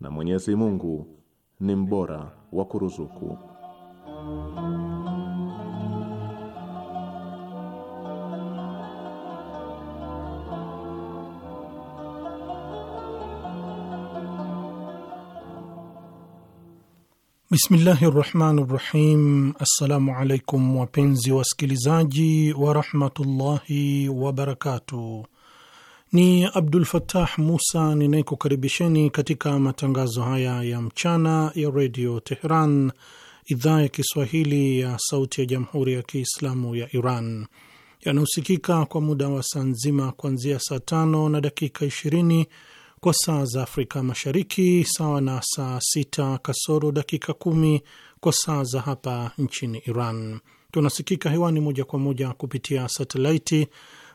na Mwenyezi Mungu ni mbora wa kuruzuku. Bismillahi rahmani rahim. Assalamu alaikum wapenzi wasikilizaji warahmatullahi wabarakatuh. Ni Abdul Fatah Musa ninayekukaribisheni katika matangazo haya ya mchana ya redio Teheran, idhaa ya Kiswahili ya sauti ya jamhuri ya Kiislamu ya Iran, yanayosikika kwa muda wa saa nzima kuanzia saa tano na dakika ishirini kwa saa za Afrika Mashariki, sawa na saa sita kasoro dakika kumi kwa saa za hapa nchini Iran. Tunasikika hewani moja kwa moja kupitia satelaiti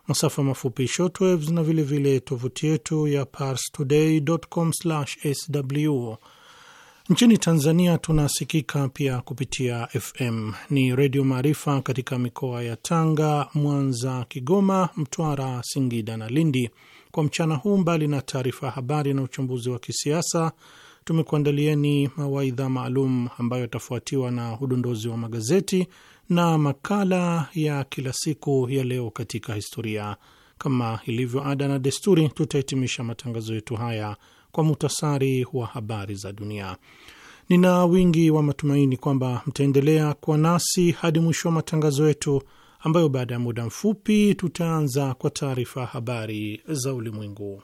masafa mafupi shortwaves na vilevile tovuti yetu ya parstoday.com/sw. Nchini Tanzania tunasikika pia kupitia FM ni Redio Maarifa katika mikoa ya Tanga, Mwanza, Kigoma, Mtwara, Singida na Lindi. Kwa mchana huu, mbali na taarifa ya habari na uchambuzi wa kisiasa, tumekuandalieni mawaidha maalum ambayo yatafuatiwa na udondozi wa magazeti na makala ya kila siku ya leo katika historia. Kama ilivyo ada na desturi, tutahitimisha matangazo yetu haya kwa muhtasari wa habari za dunia. Nina wingi wa matumaini kwamba mtaendelea kuwa nasi hadi mwisho wa matangazo yetu, ambayo baada ya muda mfupi tutaanza kwa taarifa habari za ulimwengu.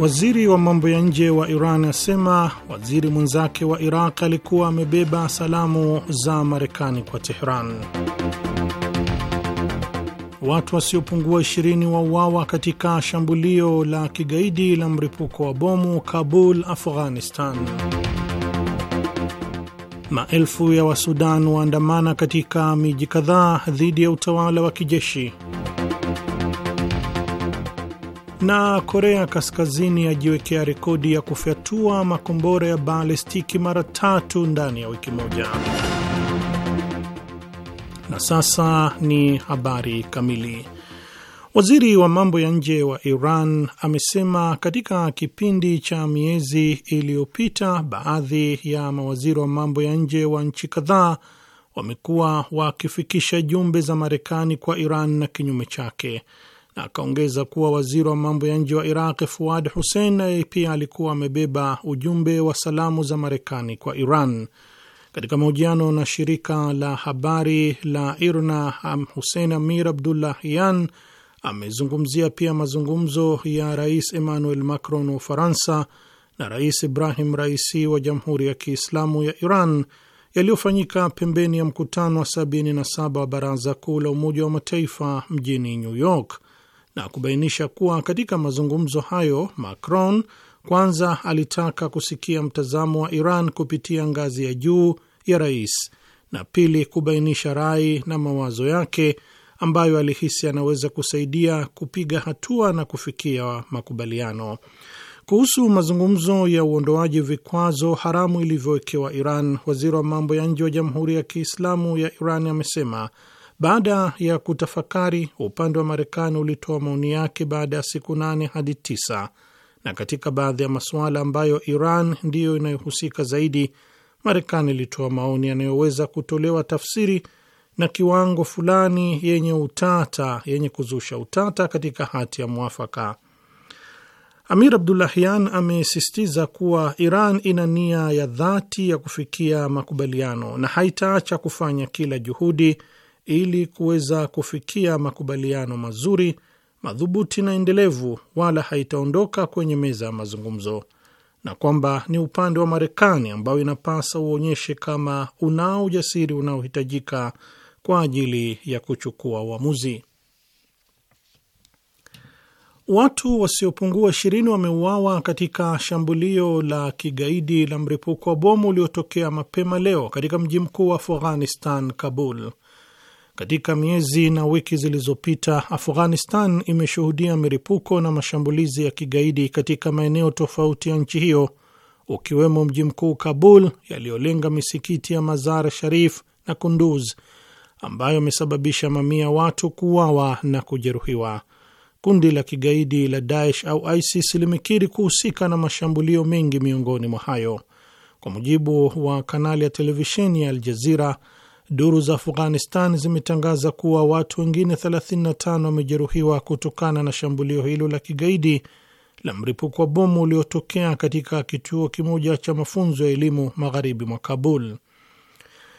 Waziri wa mambo ya nje wa Iran asema waziri mwenzake wa Iraq alikuwa amebeba salamu za Marekani kwa Tehran. Watu wasiopungua 20 wauawa katika shambulio la kigaidi la mripuko wa bomu Kabul, Afghanistan. Maelfu ya Wasudan waandamana katika miji kadhaa dhidi ya utawala wa kijeshi. Na Korea Kaskazini yajiwekea rekodi ya kufyatua makombora ya balistiki mara tatu ndani ya wiki moja. Na sasa ni habari kamili. Waziri wa mambo ya nje wa Iran amesema katika kipindi cha miezi iliyopita, baadhi ya mawaziri wa mambo ya nje wa nchi kadhaa wamekuwa wakifikisha jumbe za Marekani kwa Iran na kinyume chake Akaongeza kuwa waziri wa mambo ya nje wa Iraq Fuad Hussein naye pia alikuwa amebeba ujumbe wa salamu za Marekani kwa Iran. Katika mahojiano na shirika la habari la IRNA, Hussein Amir abdullah yan amezungumzia pia mazungumzo ya Rais Emmanuel Macron wa Ufaransa na Rais Ibrahim Raisi wa Jamhuri ya Kiislamu ya Iran yaliyofanyika pembeni ya mkutano wa 77 wa Baraza Kuu la Umoja wa Mataifa mjini New York na kubainisha kuwa katika mazungumzo hayo Macron kwanza alitaka kusikia mtazamo wa Iran kupitia ngazi ya juu ya rais, na pili kubainisha rai na mawazo yake ambayo alihisi anaweza kusaidia kupiga hatua na kufikia makubaliano kuhusu mazungumzo ya uondoaji vikwazo haramu ilivyowekewa Iran. Waziri wa mambo ya nje wa Jamhuri ya Kiislamu ya Iran amesema baada ya kutafakari, upande wa Marekani ulitoa maoni yake baada ya siku nane hadi tisa, na katika baadhi ya masuala ambayo Iran ndiyo inayohusika zaidi, Marekani ilitoa maoni yanayoweza kutolewa tafsiri na kiwango fulani yenye utata, yenye kuzusha utata katika hati ya mwafaka. Amir Abdullahian amesisitiza kuwa Iran ina nia ya dhati ya kufikia makubaliano na haitaacha kufanya kila juhudi ili kuweza kufikia makubaliano mazuri madhubuti na endelevu, wala haitaondoka kwenye meza ya mazungumzo, na kwamba ni upande wa Marekani ambao inapasa uonyeshe kama unao ujasiri unaohitajika kwa ajili ya kuchukua uamuzi. Watu wasiopungua ishirini wameuawa katika shambulio la kigaidi la mripuko wa bomu uliotokea mapema leo katika mji mkuu wa Afghanistan, Kabul. Katika miezi na wiki zilizopita, Afghanistan imeshuhudia miripuko na mashambulizi ya kigaidi katika maeneo tofauti ya nchi hiyo ukiwemo mji mkuu Kabul, yaliyolenga misikiti ya Mazar Sharif na Kunduz ambayo imesababisha mamia watu kuuawa na kujeruhiwa. Kundi la kigaidi la Daesh au ISIS limekiri kuhusika na mashambulio mengi miongoni mwa hayo. Kwa mujibu wa kanali ya televisheni ya Aljazira, Duru za Afghanistan zimetangaza kuwa watu wengine 35 wamejeruhiwa kutokana na shambulio hilo la kigaidi la mripuko wa bomu uliotokea katika kituo kimoja cha mafunzo ya elimu magharibi mwa Kabul.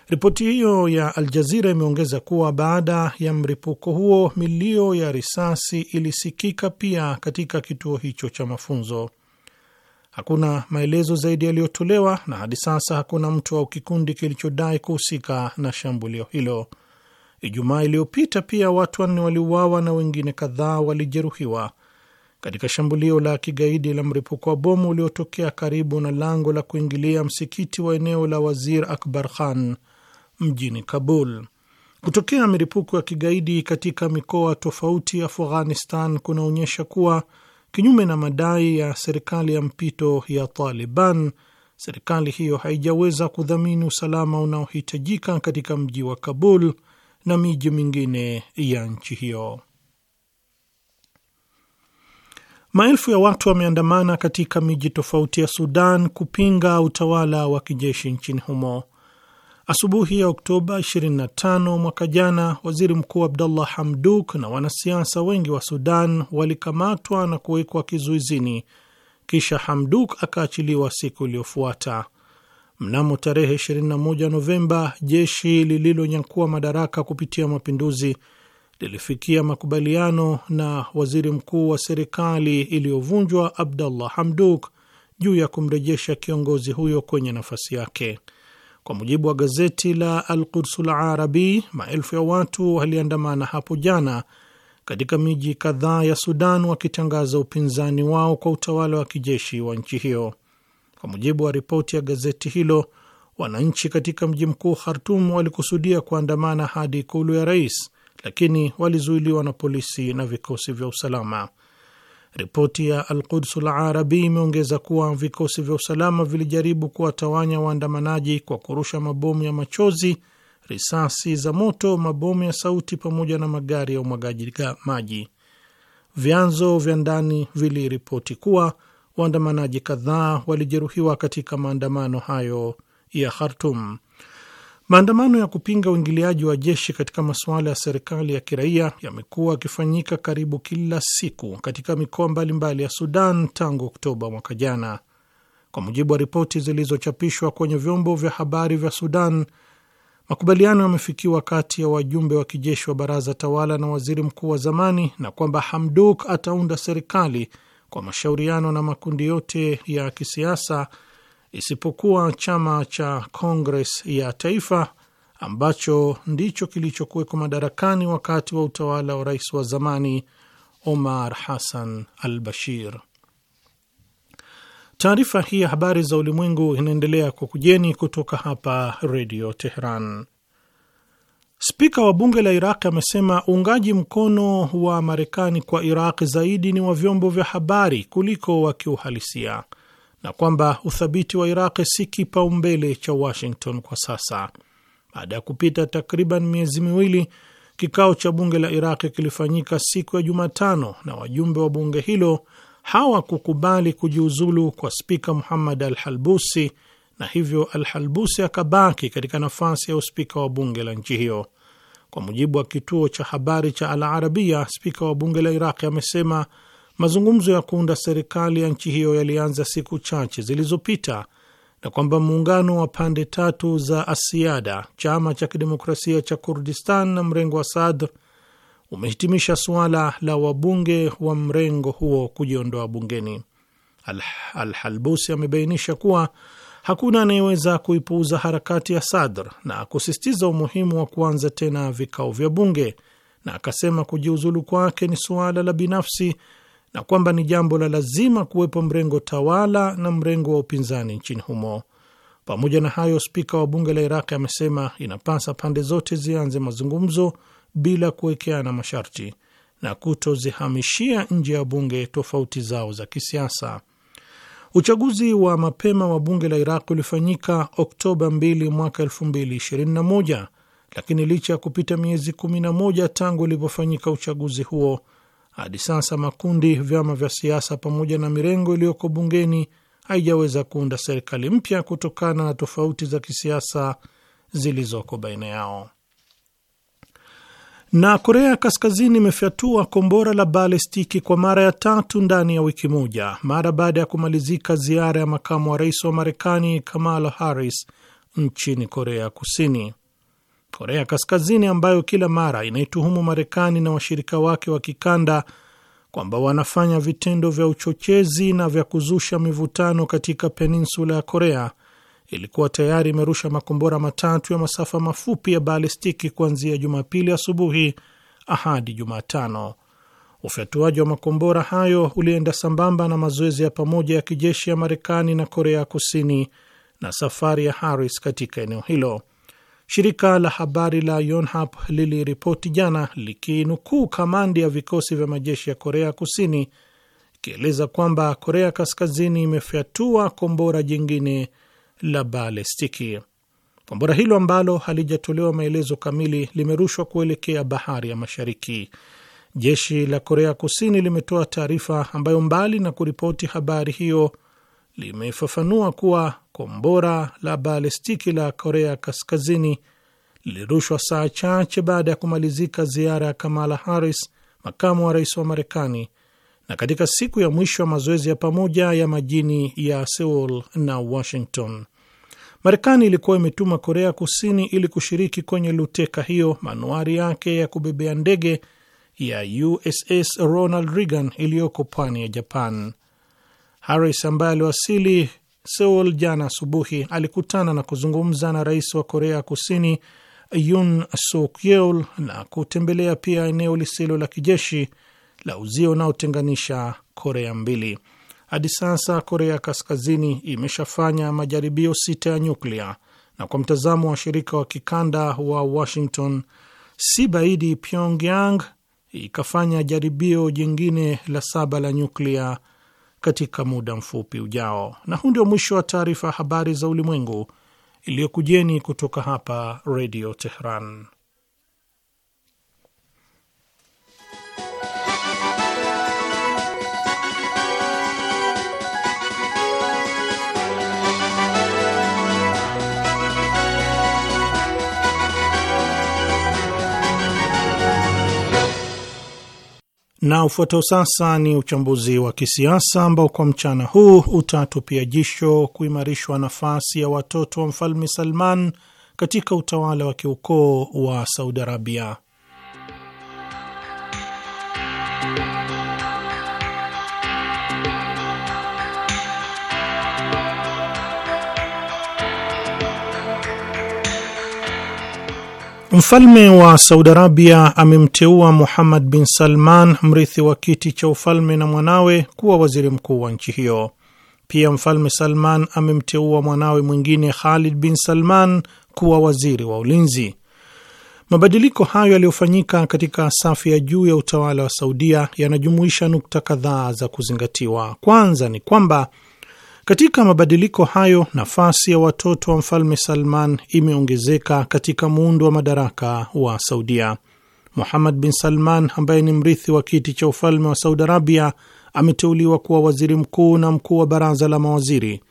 Ripoti hiyo ya Al Jazira imeongeza kuwa baada ya mripuko huo milio ya risasi ilisikika pia katika kituo hicho cha mafunzo. Hakuna maelezo zaidi yaliyotolewa na hadi sasa hakuna mtu au kikundi kilichodai kuhusika na shambulio hilo. Ijumaa iliyopita pia watu wanne waliuawa na wengine kadhaa walijeruhiwa katika shambulio la kigaidi la mripuko wa bomu uliotokea karibu na lango la kuingilia msikiti wa eneo la Wazir Akbar Khan mjini Kabul. Kutokea miripuko ya kigaidi katika mikoa tofauti Afghanistan kunaonyesha kuwa Kinyume na madai ya serikali ya mpito ya Taliban, serikali hiyo haijaweza kudhamini usalama unaohitajika katika mji wa Kabul na miji mingine ya nchi hiyo. Maelfu ya watu wameandamana katika miji tofauti ya Sudan kupinga utawala wa kijeshi nchini humo. Asubuhi ya Oktoba 25 mwaka jana, waziri mkuu Abdullah Hamduk na wanasiasa wengi wa Sudan walikamatwa na kuwekwa kizuizini, kisha Hamduk akaachiliwa siku iliyofuata. Mnamo tarehe 21 Novemba, jeshi lililonyakua madaraka kupitia mapinduzi lilifikia makubaliano na waziri mkuu wa serikali iliyovunjwa Abdullah Hamduk juu ya kumrejesha kiongozi huyo kwenye nafasi yake. Kwa mujibu wa gazeti la Al Arabi, maelfu ya watu waliandamana hapo jana katika miji kadhaa ya Sudan wakitangaza upinzani wao kwa utawala wa kijeshi wa nchi hiyo. Kwa mujibu wa ripoti ya gazeti hilo, wananchi katika mji mkuu Khartum walikusudia kuandamana hadi ikulu ya rais, lakini walizuiliwa na polisi na vikosi vya usalama. Ripoti ya Alqudsul Arabi imeongeza kuwa vikosi vya usalama vilijaribu kuwatawanya waandamanaji kwa kurusha mabomu ya machozi, risasi za moto, mabomu ya sauti, pamoja na magari ya umwagaji maji. Vyanzo vya ndani viliripoti kuwa waandamanaji kadhaa walijeruhiwa katika maandamano hayo ya Khartum. Maandamano ya kupinga uingiliaji wa jeshi katika masuala ya serikali ya kiraia yamekuwa yakifanyika karibu kila siku katika mikoa mbalimbali ya Sudan tangu Oktoba mwaka jana. Kwa mujibu wa ripoti zilizochapishwa kwenye vyombo vya habari vya Sudan, makubaliano yamefikiwa kati ya wajumbe wa kijeshi wa baraza tawala na waziri mkuu wa zamani, na kwamba Hamduk ataunda serikali kwa mashauriano na makundi yote ya kisiasa isipokuwa chama cha Kongres ya Taifa ambacho ndicho kilichokuwekwa madarakani wakati wa utawala wa rais wa zamani Omar Hassan al Bashir. Taarifa hii ya habari za ulimwengu inaendelea kwa kujeni kutoka hapa Redio Tehran. Spika wa bunge la Iraq amesema uungaji mkono wa Marekani kwa Iraq zaidi ni wa vyombo vya habari kuliko wa kiuhalisia na kwamba uthabiti wa Iraq si kipaumbele cha Washington kwa sasa. Baada ya kupita takriban miezi miwili, kikao cha bunge la Iraqi kilifanyika siku ya Jumatano na wajumbe wa bunge hilo hawakukubali kujiuzulu kwa spika Muhammad al Halbusi, na hivyo al Halbusi akabaki katika nafasi ya uspika wa bunge la nchi hiyo. Kwa mujibu wa kituo cha habari cha Al Arabia, spika wa bunge la Iraqi amesema mazungumzo ya kuunda serikali ya nchi hiyo yalianza siku chache zilizopita na kwamba muungano wa pande tatu za Asiada, chama cha kidemokrasia cha Kurdistan na mrengo wa Sadr umehitimisha suala la wabunge wa mrengo huo kujiondoa bungeni. al amebainisha kuwa hakuna anayeweza kuipuuza harakati ya Sadr na kusisitiza umuhimu wa kuanza tena vikao vya bunge, na akasema kujiuzulu kwake ni suala la binafsi na kwamba ni jambo la lazima kuwepo mrengo tawala na mrengo wa upinzani nchini humo. Pamoja na hayo, spika wa bunge la Iraq amesema inapasa pande zote zianze mazungumzo bila kuwekeana masharti na kutozihamishia nje ya bunge tofauti zao za kisiasa. Uchaguzi wa mapema wa bunge la Iraq ulifanyika Oktoba 2 mwaka 2021, lakini licha ya kupita miezi 11 tangu ulipofanyika uchaguzi huo hadi sasa makundi, vyama vya siasa pamoja na mirengo iliyoko bungeni haijaweza kuunda serikali mpya kutokana na tofauti za kisiasa zilizoko baina yao. Na Korea Kaskazini imefyatua kombora la balestiki kwa mara ya tatu ndani ya wiki moja mara baada ya kumalizika ziara ya makamu wa rais wa Marekani Kamala Harris nchini Korea Kusini. Korea Kaskazini ambayo kila mara inaituhumu Marekani na washirika wake wa kikanda kwamba wanafanya vitendo vya uchochezi na vya kuzusha mivutano katika peninsula ya Korea ilikuwa tayari imerusha makombora matatu ya masafa mafupi ya balistiki kuanzia Jumapili asubuhi hadi Jumatano. Ufyatuaji wa makombora hayo ulienda sambamba na mazoezi ya pamoja ya kijeshi ya Marekani na Korea Kusini na safari ya Harris katika eneo hilo. Shirika la habari la Yonhap liliripoti jana likinukuu kamandi ya vikosi vya majeshi ya Korea Kusini ikieleza kwamba Korea Kaskazini imefyatua kombora jingine la balestiki. Kombora hilo ambalo halijatolewa maelezo kamili limerushwa kuelekea bahari ya Mashariki. Jeshi la Korea Kusini limetoa taarifa ambayo mbali na kuripoti habari hiyo limefafanua kuwa kombora la balistiki la Korea Kaskazini lilirushwa saa chache baada ya kumalizika ziara ya Kamala Harris, makamu wa rais wa Marekani, na katika siku ya mwisho ya mazoezi ya pamoja ya majini ya Seoul na Washington. Marekani ilikuwa imetuma Korea Kusini ili kushiriki kwenye luteka hiyo manuari yake ya kubebea ndege ya USS Ronald Reagan iliyoko pwani ya Japan. Harris ambaye aliwasili Seoul jana asubuhi alikutana na kuzungumza na rais wa Korea Kusini Yoon Suk Yeol na kutembelea pia eneo lisilo la kijeshi la uzio unaotenganisha Korea mbili. Hadi sasa Korea Kaskazini imeshafanya majaribio sita ya nyuklia, na kwa mtazamo wa washirika wa kikanda wa Washington, si baidi Pyongyang ikafanya jaribio jingine la saba la nyuklia katika muda mfupi ujao. Na huu ndio mwisho wa taarifa ya habari za ulimwengu iliyokujeni kutoka hapa Redio Tehran. Na ufuatao sasa ni uchambuzi wa kisiasa ambao kwa mchana huu utatupia jisho kuimarishwa nafasi ya watoto wa mfalme Salman katika utawala wa kiukoo wa Saudi Arabia. Mfalme wa Saudi Arabia amemteua Muhammad bin Salman, mrithi wa kiti cha ufalme na mwanawe, kuwa waziri mkuu wa nchi hiyo. Pia Mfalme Salman amemteua mwanawe mwingine Khalid bin Salman kuwa waziri wa ulinzi. Mabadiliko hayo yaliyofanyika katika safu ya juu ya utawala wa Saudia yanajumuisha nukta kadhaa za kuzingatiwa. Kwanza ni kwamba katika mabadiliko hayo, nafasi ya watoto wa mfalme Salman imeongezeka katika muundo wa madaraka wa Saudia. Muhammad bin Salman ambaye ni mrithi wa kiti cha ufalme wa Saudi Arabia ameteuliwa kuwa waziri mkuu na mkuu wa baraza la mawaziri,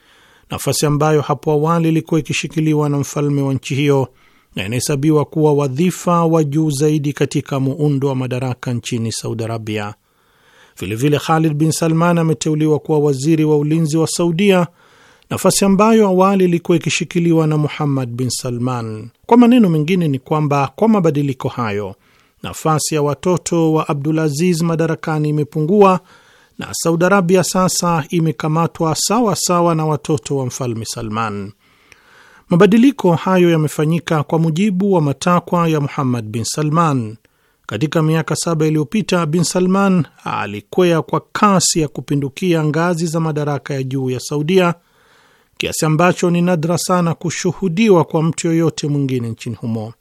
nafasi ambayo hapo awali ilikuwa ikishikiliwa na mfalme wa nchi hiyo na inahesabiwa kuwa wadhifa wa juu zaidi katika muundo wa madaraka nchini Saudi Arabia. Vilevile, Khalid bin Salman ameteuliwa kuwa waziri wa ulinzi wa Saudia, nafasi ambayo awali ilikuwa ikishikiliwa na Muhammad bin Salman. Kwa maneno mengine, ni kwamba kwa mabadiliko hayo nafasi ya watoto wa Abdulaziz madarakani imepungua na Saudi Arabia sasa imekamatwa sawa sawa na watoto wa mfalme Salman. Mabadiliko hayo yamefanyika kwa mujibu wa matakwa ya Muhammad bin Salman. Katika miaka saba iliyopita, Bin Salman alikwea kwa kasi ya kupindukia ngazi za madaraka ya juu ya Saudia, kiasi ambacho ni nadra sana kushuhudiwa kwa mtu yoyote mwingine nchini humo.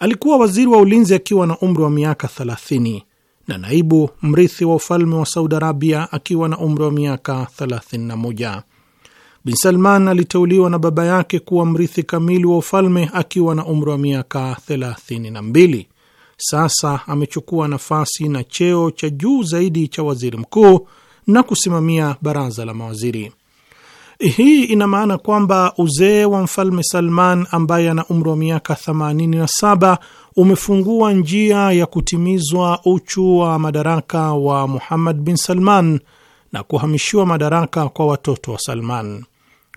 Alikuwa waziri wa ulinzi akiwa na umri wa miaka 30 na naibu mrithi wa ufalme wa Saudi Arabia akiwa na umri wa miaka 31. Bin Salman aliteuliwa na baba yake kuwa mrithi kamili wa ufalme akiwa na umri wa miaka 32 sasa amechukua nafasi na cheo cha juu zaidi cha waziri mkuu na kusimamia baraza la mawaziri. Hii ina maana kwamba uzee wa mfalme Salman ambaye ana umri wa miaka 87 umefungua njia ya kutimizwa uchu wa madaraka wa Muhammad bin Salman na kuhamishiwa madaraka kwa watoto wa Salman.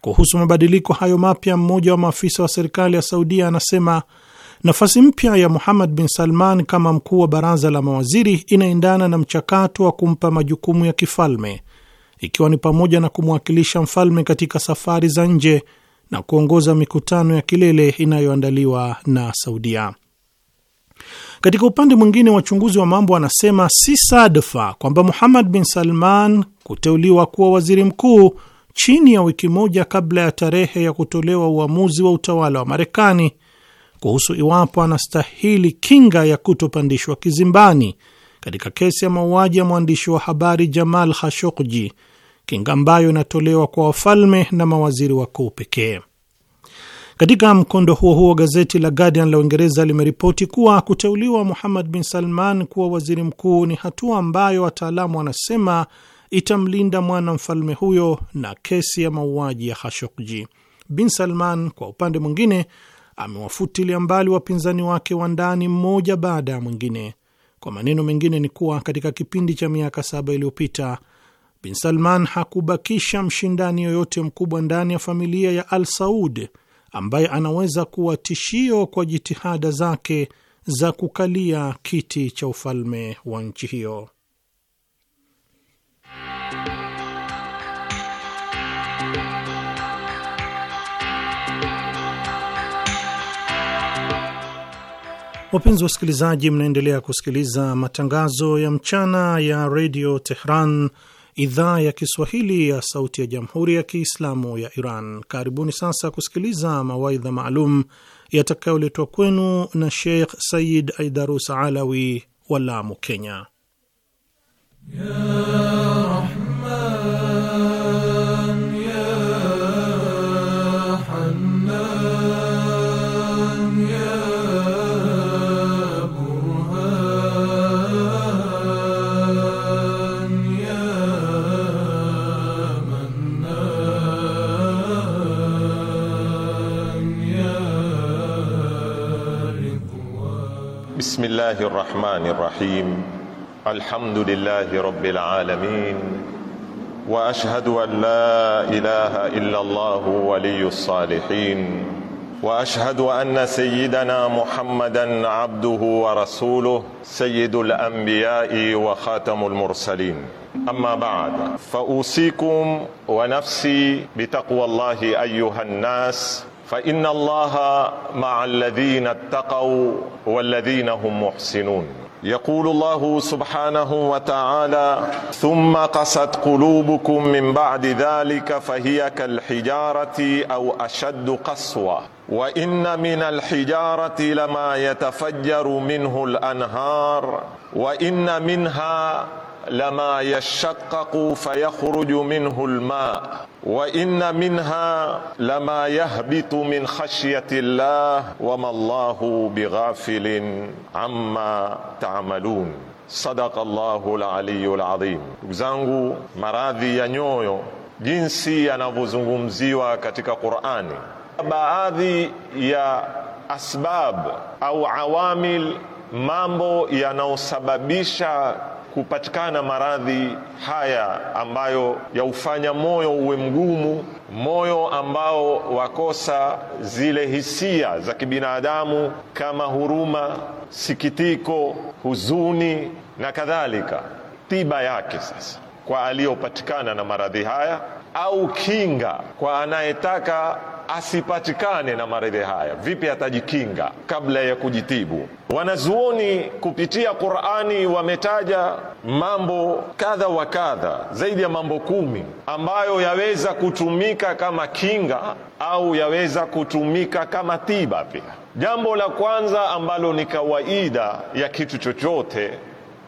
Kuhusu mabadiliko hayo mapya, mmoja wa maafisa wa serikali ya Saudia anasema Nafasi mpya ya Muhammad bin Salman kama mkuu wa baraza la mawaziri inaendana na mchakato wa kumpa majukumu ya kifalme, ikiwa ni pamoja na kumwakilisha mfalme katika safari za nje na kuongoza mikutano ya kilele inayoandaliwa na Saudia. Katika upande mwingine, wachunguzi wa mambo wanasema si sadfa kwamba Muhammad bin Salman kuteuliwa kuwa waziri mkuu chini ya wiki moja kabla ya tarehe ya kutolewa uamuzi wa utawala wa Marekani kuhusu iwapo anastahili kinga ya kutopandishwa kizimbani katika kesi ya mauaji ya mwandishi wa habari Jamal Khashoggi, kinga ambayo inatolewa kwa wafalme na mawaziri wakuu pekee. Katika mkondo huo huo, gazeti la Guardian la Uingereza limeripoti kuwa kuteuliwa Muhammad bin Salman kuwa waziri mkuu ni hatua ambayo wataalamu wanasema itamlinda mwana mfalme huyo na kesi ya mauaji ya Khashoggi. Bin Salman kwa upande mwingine amewafutilia mbali wapinzani wake wa ndani mmoja baada ya mwingine. Kwa maneno mengine ni kuwa katika kipindi cha miaka saba iliyopita Bin Salman hakubakisha mshindani yoyote mkubwa ndani ya familia ya Al Saud ambaye anaweza kuwa tishio kwa jitihada zake za kukalia kiti cha ufalme wa nchi hiyo. Wapenzi wasikilizaji, mnaendelea kusikiliza matangazo ya mchana ya redio Tehran, idhaa ya Kiswahili ya sauti ya jamhuri ya Kiislamu ya Iran. Karibuni sasa kusikiliza mawaidha maalum yatakayoletwa kwenu na Sheikh Sayid Aidarus Alawi wa Lamu, Kenya ya بسم الله الرحمن الرحيم الحمد لله رب العالمين واشهد ان لا اله الا الله ولي الصالحين واشهد ان سيدنا محمدا عبده ورسوله سيد الانبياء وخاتم المرسلين اما بعد فاوصيكم ونفسي بتقوى الله ايها الناس فان الله مع الذين اتقوا والذين هم محسنون يقول الله سبحانه وتعالى ثم قست قلوبكم من بعد ذلك فهي كالحجاره او اشد قسوه وان من الحجاره لما يتفجر منه الانهار وان منها lama yashaqqaqu fayakhruju minhu alma wa inna minha lama yahbitu min khashyati llah wama llahu bighafilin amma taamalun. Sadaqa llahu laliyu ladhim. Ndugu zangu, maradhi ya nyoyo jinsi yanavyozungumziwa katika Qurani, baadhi ya asbab au awamil, mambo yanayosababisha kupatikana maradhi haya ambayo yaufanya moyo uwe mgumu, moyo ambao wakosa zile hisia za kibinadamu kama huruma, sikitiko, huzuni na kadhalika. Tiba yake sasa kwa aliyopatikana na maradhi haya au kinga kwa anayetaka asipatikane na maradhi haya, vipi atajikinga kabla ya kujitibu? Wanazuoni kupitia Qur'ani wametaja mambo kadha wa kadha, zaidi ya mambo kumi ambayo yaweza kutumika kama kinga au yaweza kutumika kama tiba pia. Jambo la kwanza ambalo ni kawaida ya kitu chochote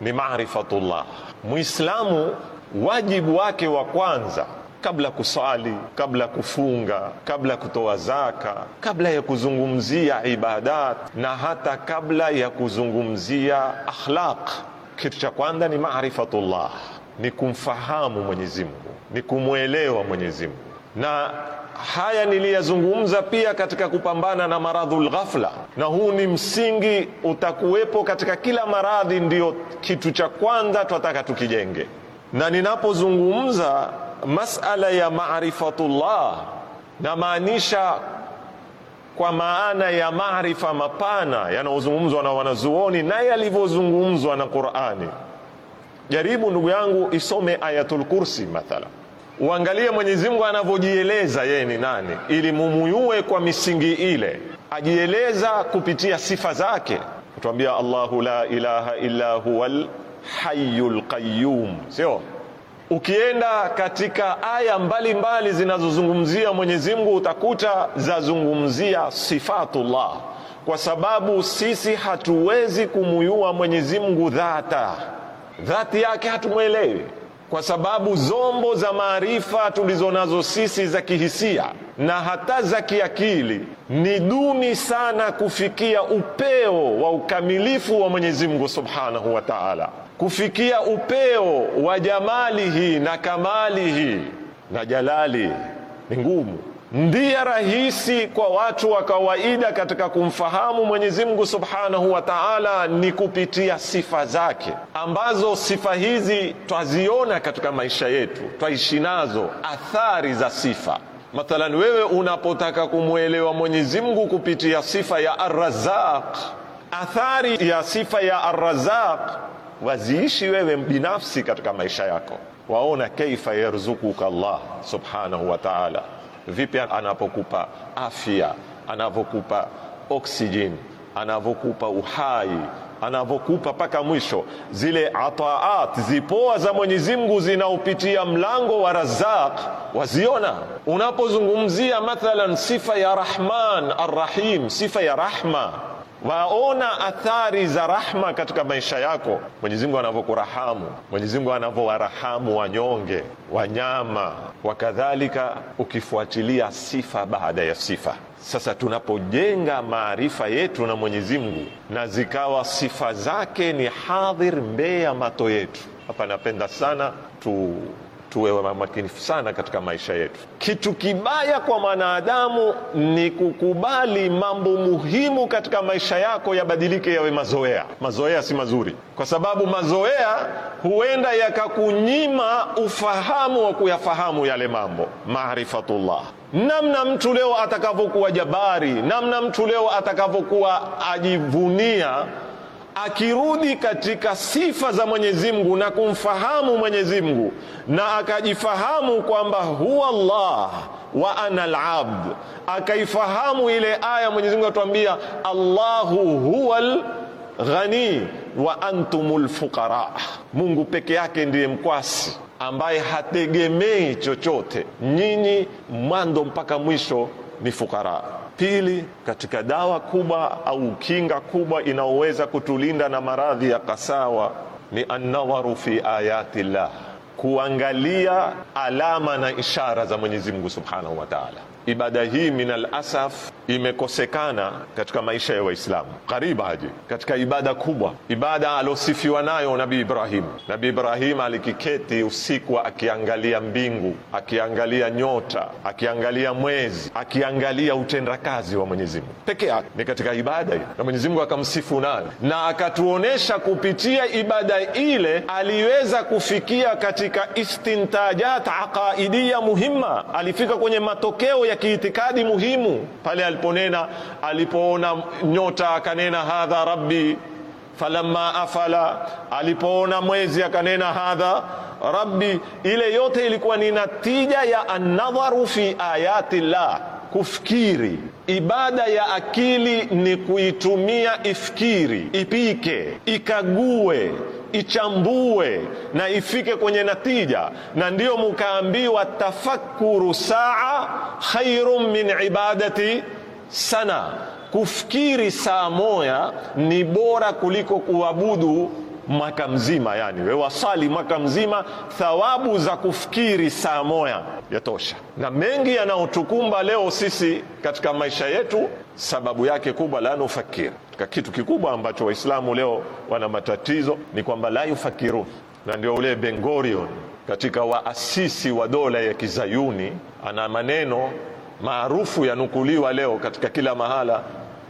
ni marifatullah Muislamu wajibu wake wa kwanza kabla kusali, kabla kufunga, kabla kutoa zaka, kabla ya kuzungumzia ibadat na hata kabla ya kuzungumzia akhlaq. Kitu cha kwanza ni maarifatullah, ni kumfahamu Mwenyezi Mungu, ni kumwelewa Mwenyezi Mungu na haya niliyazungumza pia katika kupambana na maradhul ghafla, na huu ni msingi utakuwepo katika kila maradhi. Ndiyo kitu cha kwanza twataka tukijenge, na ninapozungumza masala ya maarifatullah namaanisha kwa maana ya maarifa mapana yanayozungumzwa na wanazuoni na yalivyozungumzwa na Qur'ani. Jaribu ndugu yangu, isome Ayatul Kursi mathala, uangalie Mwenyezi Mungu anavyojieleza yeye ni nani, ili mumuyue kwa misingi ile. Ajieleza kupitia sifa zake, tuambia Allahu la ilaha illa huwal hayyul qayyum, sio Ukienda katika aya mbalimbali zinazozungumzia Mwenyezi Mungu utakuta zazungumzia sifatullah, kwa sababu sisi hatuwezi kumuyua Mwenyezi Mungu dhata, dhati yake hatumwelewi, kwa sababu zombo za maarifa tulizonazo sisi za kihisia na hata za kiakili ni duni sana kufikia upeo wa ukamilifu wa Mwenyezi Mungu subhanahu wa taala kufikia upeo wa jamalihi na kamalihi na jalali ni ngumu. Ndiye rahisi kwa watu wa kawaida katika kumfahamu Mwenyezi Mungu Subhanahu wa Ta'ala ni kupitia sifa zake, ambazo sifa hizi twaziona katika maisha yetu, twaishi nazo athari za sifa. Mathalan, wewe unapotaka kumwelewa Mwenyezi Mungu kupitia sifa ya Ar-Razzaq, athari ya sifa ya Ar-Razzaq waziishi wewe binafsi katika maisha yako. Waona kaifa yarzukuka Allah subhanahu wa ta'ala, vipi anapokupa afya, anavyokupa oksijeni, anavyokupa uhai, anavyokupa mpaka mwisho. Zile ataat zipoa za Mwenyezi Mungu zinaupitia mlango wa Razaq, waziona unapozungumzia mathalan sifa ya Rahman Arrahim, sifa ya rahma waona athari za rahma katika maisha yako, Mwenyezi Mungu anavyokurahamu, Mwenyezi Mungu anavyowarahamu wanyonge, wanyama, wakadhalika, ukifuatilia sifa baada ya sifa. Sasa tunapojenga maarifa yetu na Mwenyezi Mungu na zikawa sifa zake ni hadhir mbee ya mato yetu, hapa napenda sana tu tuwe makini sana katika maisha yetu. Kitu kibaya kwa mwanadamu ni kukubali mambo muhimu katika maisha yako yabadilike yawe mazoea. Mazoea si mazuri, kwa sababu mazoea huenda yakakunyima ufahamu wa kuyafahamu yale mambo, maarifatullah namna mtu leo atakavyokuwa jabari, namna mtu leo atakavyokuwa ajivunia akirudi katika sifa za Mwenyezi Mungu na kumfahamu Mwenyezi Mungu na akajifahamu kwamba huwa Allah wa ana al-abd, akaifahamu ile aya Mwenyezi Mungu atuambia Allahu huwal ghani wa antumul fuqara, Mungu peke yake ndiye mkwasi ambaye hategemei chochote, nyinyi mwanzo mpaka mwisho ni fukara pili katika dawa kubwa au kinga kubwa inaoweza kutulinda na maradhi ya kasawa ni annadharu fi ayati llah, kuangalia alama na ishara za Mwenyezi Mungu subhanahu wa taala ibada hii min asaf imekosekana katika maisha ya Waislamu aji katika ibada kubwa, ibada alosifiwa nayo Nabi Ibrahim. nabii Ibrahim alikiketi usiku akiangalia mbingu, akiangalia nyota, akiangalia mwezi, akiangalia utendakazi wa Mwenyezi Mungu peke yake, ni katika ibada hii, na Mwenyezi Mungu akamsifu nayo, na akatuonesha kupitia ibada ile aliweza kufikia katika istintajat aqaidia muhimma, alifika kwenye matokeo ya ya kiitikadi muhimu pale aliponena alipoona nyota akanena hadha rabbi falamma afala alipoona mwezi akanena hadha rabbi ile yote ilikuwa ni natija ya annadharu fi ayati llah kufikiri ibada ya akili ni kuitumia ifikiri ipike ikague ichambue na ifike kwenye natija, na ndiyo mukaambiwa tafakuru saa khairun min ibadati sana, kufikiri saa moya ni bora kuliko kuabudu mwaka mzima. Yani we wasali mwaka mzima, thawabu za kufikiri saa moya yatosha. Na mengi yanayotukumba leo sisi katika maisha yetu, sababu yake kubwa la nufakiri kitu kikubwa ambacho Waislamu leo wana matatizo ni kwamba la yufakiru, na ndio ule Ben Gurion katika waasisi wa dola ya Kizayuni ana maneno maarufu yanukuliwa leo katika kila mahala.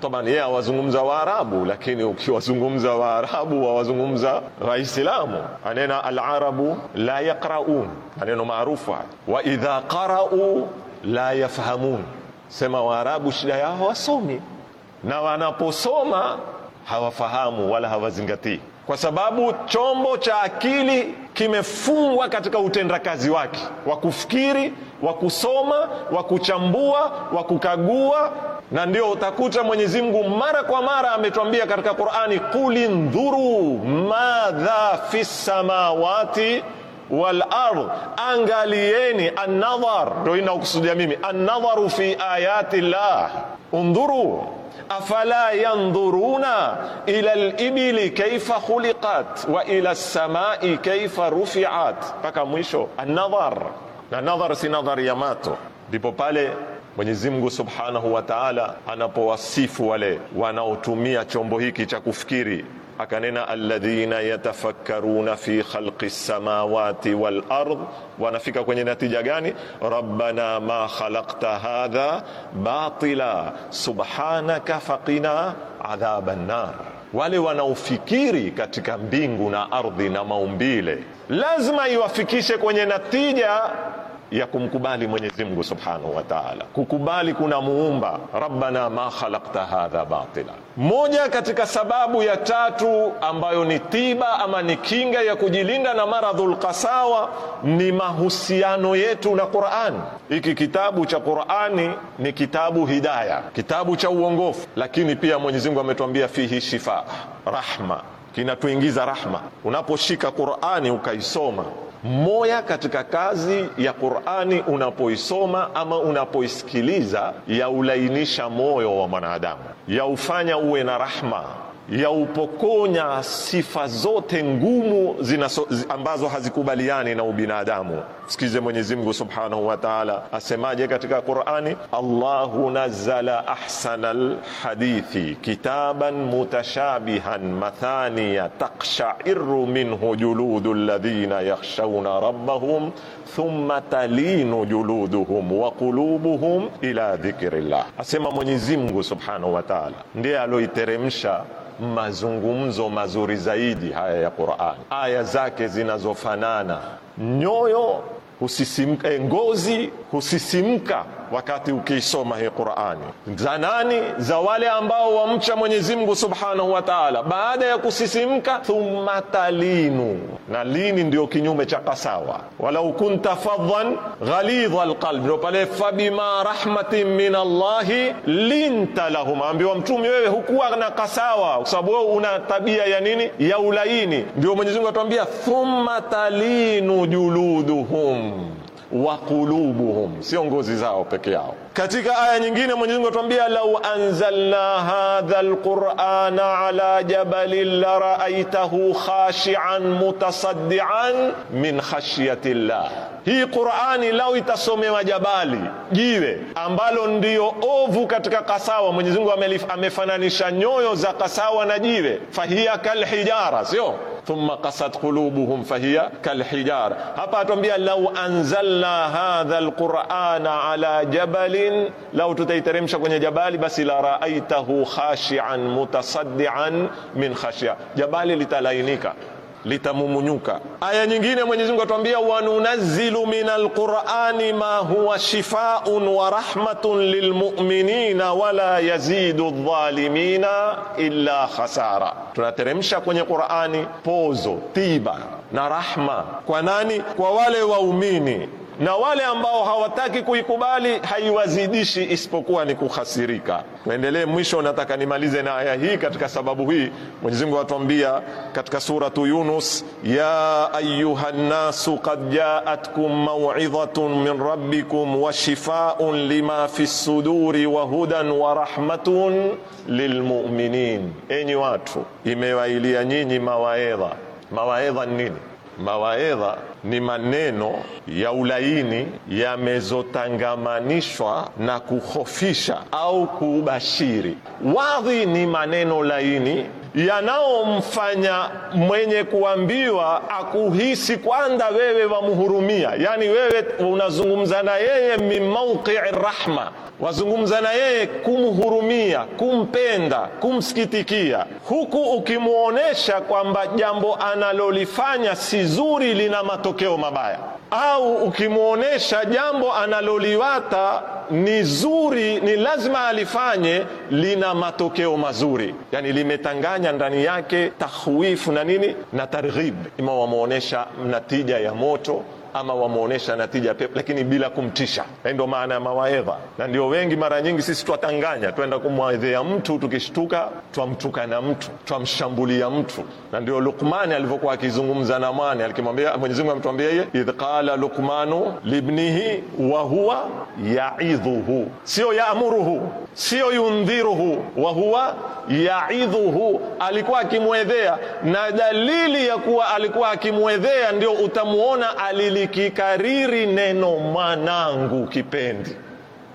Tabani yeye awazungumza Waarabu, lakini ukiwazungumza Waarabu wawazungumza Waislamu, anena alarabu la yaqraun, maneno maarufu haya. Wa idha qarau la yafhamun, sema Waarabu shida yao wasomi na wanaposoma hawafahamu wala hawazingatii, kwa sababu chombo cha akili kimefungwa katika utendakazi wake wa kufikiri, wa kusoma, wa kuchambua, wa kukagua. Na ndio utakuta Mwenyezi Mungu mara kwa mara ametuambia katika Qur'ani, quli ndhuru madha fi samawati wal ard, angalieni. Annadhar ndio inakusudia mimi, annadharu fi ayati llah, undhuru afala yandhuruna ila libili kaifa khuliqat wa ila samai kaifa rufiat, mpaka mwisho anadhar. Na nadhar si nadhari ya mato, ndipo pale Mwenyezi Mungu subhanahu wa taala anapowasifu wale wanaotumia chombo hiki cha kufikiri akanena alladhina yatafakkaruna fi khalqi samawati wal ard, wanafika kwenye natija gani? Rabbana ma khalaqta hadha batila subhanaka faqina adhaban nar. Wale wanaofikiri katika mbingu na ardhi na maumbile lazima iwafikishe kwenye natija ya kumkubali Mwenyezi Mungu Subhanahu wa Ta'ala. Kukubali kuna muumba rabbana ma khalaqta hadha batila. Moja katika sababu ya tatu ambayo ni tiba ama ni kinga ya kujilinda na maradhul qasawa ni mahusiano yetu na Qur'an. Hiki kitabu cha Qur'ani ni kitabu hidaya, kitabu cha uongofu, lakini pia Mwenyezi Mungu ametuambia fihi shifa, rahma, kinatuingiza rahma. Unaposhika Qur'ani ukaisoma moya katika kazi ya Qur'ani unapoisoma ama unapoisikiliza, yaulainisha moyo wa mwanadamu, yaufanya uwe na rahma, yaupokonya sifa zote ngumu zinazo, ambazo hazikubaliani na ubinadamu. Msikize Mwenyezi Mungu Subhanahu wa Ta'ala asemaje katika Qur'ani, Allahu nazala ahsana lhadithi kitaban mutashabihan mathaniya taqshairu minhu juludu ladhina yakhshauna rabbahum thumma talinu juluduhum wa qulubuhum ila dhikrillah. Asema Mwenyezi Mungu Subhanahu wa Ta'ala ndiye aloiteremsha mazungumzo mazuri zaidi haya ya Qur'ani, aya zake zinazofanana nyoyo husisimka, ngozi husisimka wakati ukiisoma hii Qur'ani, zanani za wale ambao wamcha Mwenyezi Mungu Subhanahu wa Ta'ala, baada ya kusisimka, thumma talinu, na lini ndio kinyume cha kasawa. Walau kunta fadhan ghalidha alqalb, ndio pale fabima rahmatin min Allah linta lahum, ambiwa Mtume, wewe hukuwa na kasawa kwa sababu wewe una tabia ya nini, ya ulaini. Ndio Mwenyezi Mungu atuambia thumma talinu juluduhum wa qulubuhum, sio ngozi zao peke yao. Katika aya nyingine Mwenyezi Mungu atuambia, lau anzalna hadha alqur'ana ala jabalin la khashi'an mutasaddian min khashyati llah, hii Qur'ani lau itasomewa jabali, jiwe ambalo ndiyo ovu katika kasawa. Mwenyezi Mungu amefananisha nyoyo za kasawa na jiwe, fahiya kalhijara, sio ثم قست قلوبهم فهي كالحجار هبا تنبيا لو أنزلنا هذا القرآن على جبل لو تتيترمش كوني جبالي بس لرأيته خاشعا متصدعا من خشية جبالي لتلينيك litamumunyuka. Aya nyingine Mwenyezi Mungu atuambia, wanunazzilu min alqurani ma huwa shifaun wa rahmatun lilmuminina wala yazidu dhalimina illa khasara, tunateremsha kwenye Qurani pozo, tiba na rahma kwa nani? Kwa wale waumini na wale ambao hawataki kuikubali haiwazidishi isipokuwa ni kukhasirika. Naendelee mwisho, nataka nimalize na aya hii. Katika sababu hii Mwenyezi Mungu atuambia katika suratu Yunus, ya ayuha nnasu qad jaatkum mawidhatun min rabbikum wa shifaun lima fi suduri wa hudan wa rahmatun lilmuminin, enyi watu imewailia nyinyi mawaedha. Mawaedha nini? Mawaedha ni maneno ya ulaini yamezotangamanishwa na kuhofisha au kuubashiri Wadhi ni maneno laini yanaomfanya mwenye kuambiwa akuhisi kwanza wewe wamhurumia, yani wewe unazungumza na yeye min mauqii rahma, wazungumza na yeye kumhurumia, kumpenda, kumsikitikia, huku ukimwonyesha kwamba jambo analolifanya si zuri, lina matokeo mabaya au ukimwonyesha jambo analoliwata ni zuri, ni lazima alifanye, lina matokeo mazuri, yani limetanganya ndani yake tahwifu na nini na targhib, ima wamwonyesha natija ya moto ama wamwonyesha natija pepo, lakini bila kumtisha. Ndio maana ya mawaedha, na ndio wengi mara nyingi sisi twatanganya, twenda kumwaedhea mtu, tukishtuka twamtukana mtu, twamshambulia mtu, na ndio lukmani alivyokuwa akizungumza na mwana, alikimwambia Mwenyezi Mungu amtwambia yeye, idh qala lukmanu libnihi wa huwa yaidhuhu, sio yaamuruhu, sio yundhiruhu, wa huwa yaidhuhu, alikuwa akimwedhea, na dalili ya kuwa alikuwa akimwedhea ndio utamwona alili ikikariri neno mwanangu kipendi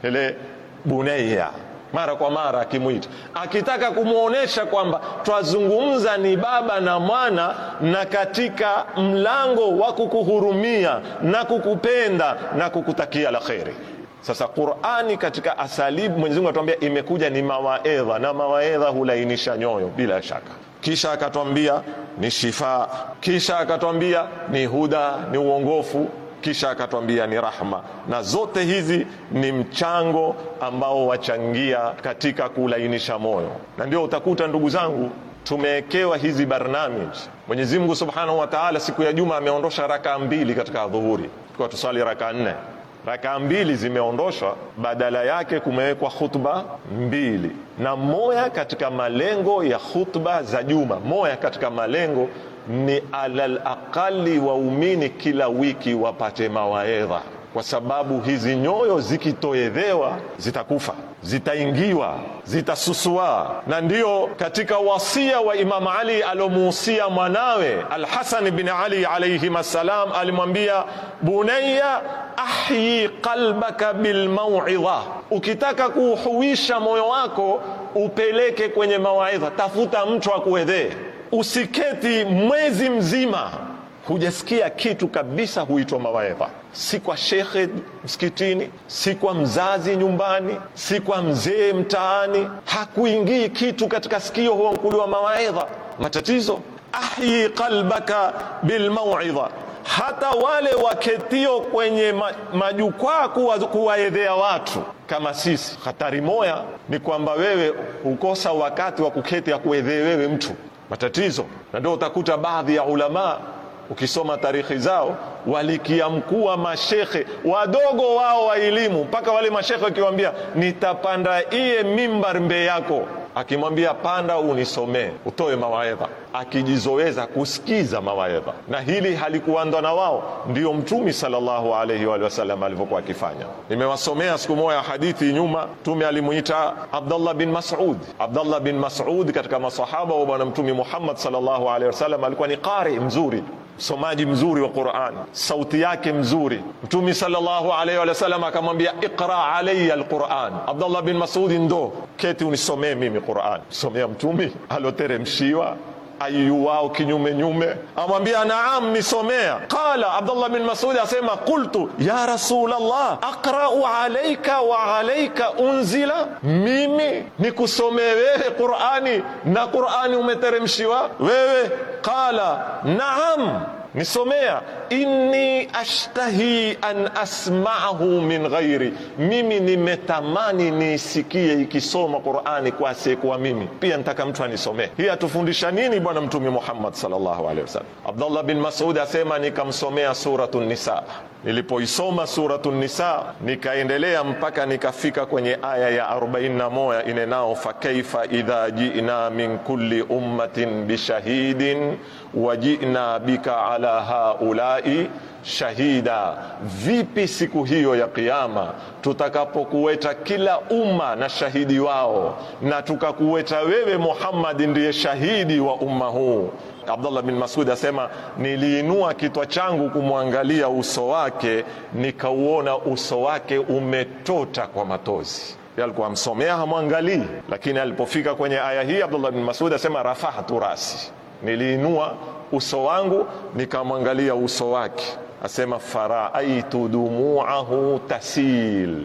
ele buneya mara kwa mara akimwita akitaka kumwonyesha kwamba twazungumza ni baba na mwana na katika mlango wa kukuhurumia na kukupenda na kukutakia la kheri sasa qurani katika asalibu mwenyezimungu anatuambia imekuja ni mawaedha na mawaedha hulainisha nyoyo bila shaka kisha akatwambia ni shifa, kisha akatwambia ni huda, ni uongofu, kisha akatwambia ni rahma, na zote hizi ni mchango ambao wachangia katika kulainisha moyo. Na ndio utakuta ndugu zangu, tumewekewa hizi barnamiji. Mwenyezi Mungu subhanahu wa taala siku ya Juma ameondosha rakaa mbili katika dhuhuri, tukiwa tusali rakaa nne Rakaa mbili zimeondoshwa, badala yake kumewekwa khutba mbili, na moya katika malengo ya khutba za juma, moya katika malengo ni alal aqali waumini kila wiki wapate mawaedha kwa sababu hizi nyoyo zikitoedhewa zitakufa, zitaingiwa, zitasusua. Na ndiyo katika wasia wa Imamu Ali alomuusia mwanawe Alhasani bin Ali alayhim assalam, alimwambia bunaya ahyi qalbaka bilmauidha, ukitaka kuuhuisha moyo wako upeleke kwenye mawaidha, tafuta mtu akuedhee, usiketi mwezi mzima hujasikia kitu kabisa, huitwa mawaidha. Si kwa shekhe msikitini, si kwa mzazi nyumbani, si kwa mzee mtaani, hakuingii kitu katika sikio huwa nkuliwa mawaidha. Matatizo ahyi qalbaka bilmauidha hata wale waketio kwenye majukwaa kuwaedhea watu kama sisi, hatari moya ni kwamba wewe hukosa wakati wa kuketi akuedhee wewe mtu matatizo, na ndio utakuta baadhi ya ulamaa ukisoma tarikhi zao walikiamkua mashekhe wadogo wao wa elimu, mpaka wale mashekhe wakiwaambia, nitapanda iye mimbar mbe yako akimwambia panda unisomee utoe mawaedha, akijizoeza kusikiza mawaedha, na hili halikuandwa na wao, ndio Mtume sallallahu alaihi wa sallam alivyokuwa akifanya. Nimewasomea siku moja hadithi nyuma, Mtume alimwita Abdallah bin Mas'ud. Abdallah bin Mas'ud katika masahaba wa bwana Mtume Muhammad sallallahu alaihi wasallam alikuwa ni qari mzuri msomaji mzuri wa Qur'an, sauti yake mzuri. Mtume sallallahu alaihi wasallam akamwambia, iqra alayya alquran. Abdullah bin Mas'ud, ndo keti unisomee mimi Qur'an, somea mtumi aloteremshiwa aiuwao nyume amwambia naam, nisomea. Qala Abdullah bin Mas'ud asema qultu ya Rasulullah aqra'u alayka wa alayka unzila, mimi nikusomee wewe Qur'ani na Qur'ani umeteremshiwa wewe. Qala naam nisomea inni ashtahi an asmaahu min ghairi, mimi nimetamani niisikie ikisoma Qurani kwa asiyekuwa mimi. Pia nitaka mtu anisomee. Hii atufundisha nini Bwana Mtume Muhammad sallallahu alaihi wasallam? Abdullah bin Masud asema nikamsomea suratu Nisa. Nilipoisoma suratu Nisa nikaendelea mpaka nikafika kwenye aya ya 41 inenao, fakaifa idha jina min kulli ummatin bishahidin wajina bika ala haulai shahida. Vipi siku hiyo ya Kiyama tutakapokuweta kila umma na shahidi wao na tukakuweta wewe Muhammadi ndiye shahidi wa umma huu Abdullah bin Masud asema, niliinua kichwa changu kumwangalia uso wake, nikauona uso wake umetota kwa matozi. Alikuwa amsomea hamwangalii, lakini alipofika kwenye aya hii Abdullah bin Masud asema, rafahtu rasi, niliinua uso wangu nikamwangalia uso wake. Asema faraaitu dumuahu tasil,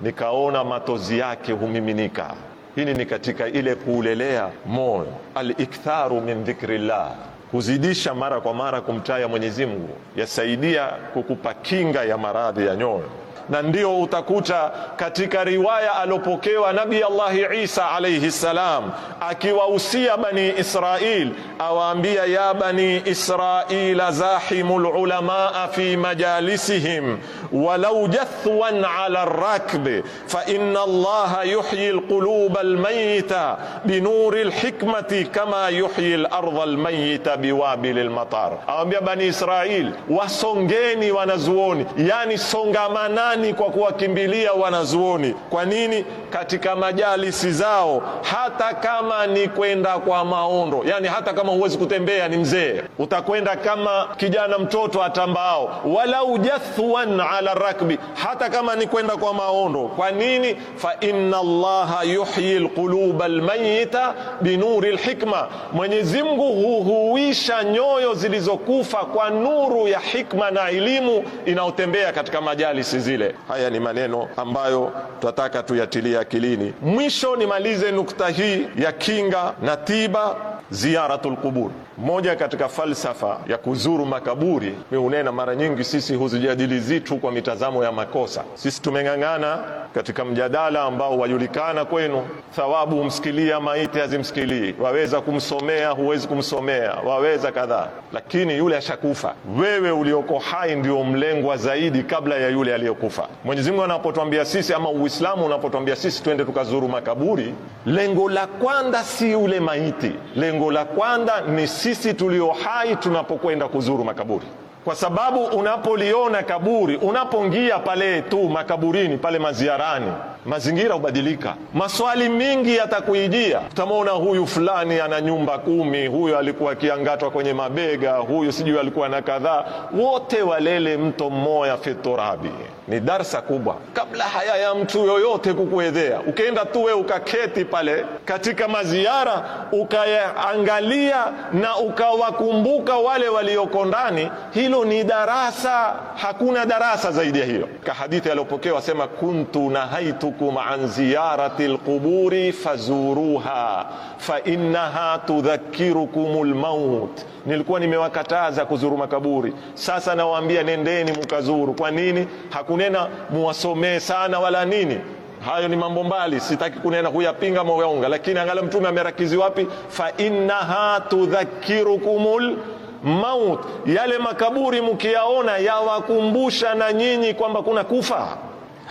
nikaona matozi yake humiminika. Hili ni katika ile kuulelea moyo, aliktharu min dhikrillah, kuzidisha mara kwa mara kumtaya Mwenyezi Mungu yasaidia kukupa kinga ya maradhi ya nyoyo na ndio utakuta katika riwaya alopokewa Nabii Allahi Isa alayhi salam akiwahusia Bani Israil, awaambia ya Bani Israila zahimul ulamaa fi majalisihim walau jathwan ala rakb fa inna Allaha yuhyi alquluba almayita binuri alhikmati kama yuhyi alarda almayita biwabil almatar, awaambia Bani Israil wasongeni wanazuoni, yani songamanani Qurani kwa kuwakimbilia wanazuoni. Kwa nini? Katika majalisi zao, hata kama ni kwenda kwa maondo, yani hata kama huwezi kutembea, ni mzee, utakwenda kama kijana mtoto atambao, walau jathwan ala rakbi, hata kama ni kwenda kwa maondo. Kwa nini? fa inna Allaha yuhyi alquluba almayita binuri alhikma, Mwenyezi Mungu huhuisha nyoyo zilizokufa kwa nuru ya hikma na elimu inayotembea katika majalisi zile. Haya ni maneno ambayo tunataka tuyatilie akilini. Mwisho nimalize nukta hii ya kinga na tiba, ziaratul qubur. Moja katika falsafa ya kuzuru makaburi, mi hunena mara nyingi, sisi huzijadili zitu kwa mitazamo ya makosa. Sisi tumeng'ang'ana katika mjadala ambao wajulikana kwenu, thawabu humsikilia maiti, hazimsikilii, waweza kumsomea, huwezi kumsomea, waweza kadhaa, lakini yule ashakufa. Wewe ulioko hai ndio mlengwa zaidi kabla ya yule aliyokufa. mwenyezimungu anapotwambia sisi, ama Uislamu unapotwambia sisi twende tukazuru makaburi, lengo la kwanza si yule maiti, lengo la kwanza ni si sisi tulio hai tunapokwenda kuzuru makaburi kwa sababu unapoliona kaburi, unapoingia pale tu makaburini pale maziarani, mazingira hubadilika, maswali mingi yatakuijia. Utamwona huyu fulani ana nyumba kumi, huyu alikuwa akiangatwa kwenye mabega, huyu sijui alikuwa na kadhaa, wote walele mto mmoya fitorabi. Ni darsa kubwa, kabla haya ya mtu yoyote kukuedhea. Ukienda tuwe ukaketi pale katika maziara, ukayaangalia na ukawakumbuka wale walioko ndani hilo ni darasa, hakuna darasa zaidi ya hiyo. Ka hadithi aliyopokewa asema, kuntu nahaitukum an ziyarati lquburi fazuruha fa innaha tudhakirukum lmaut, nilikuwa nimewakataza kuzuru makaburi, sasa nawaambia nendeni mukazuru. Kwa nini? hakunena muwasomee sana wala nini hayo ni mambo mbali, sitaki kunena kuyapinga moyaunga, lakini angalia Mtume amerakizi wapi? fa innaha tudhakirukumul maut, yale makaburi mkiyaona yawakumbusha na nyinyi kwamba kuna kufa.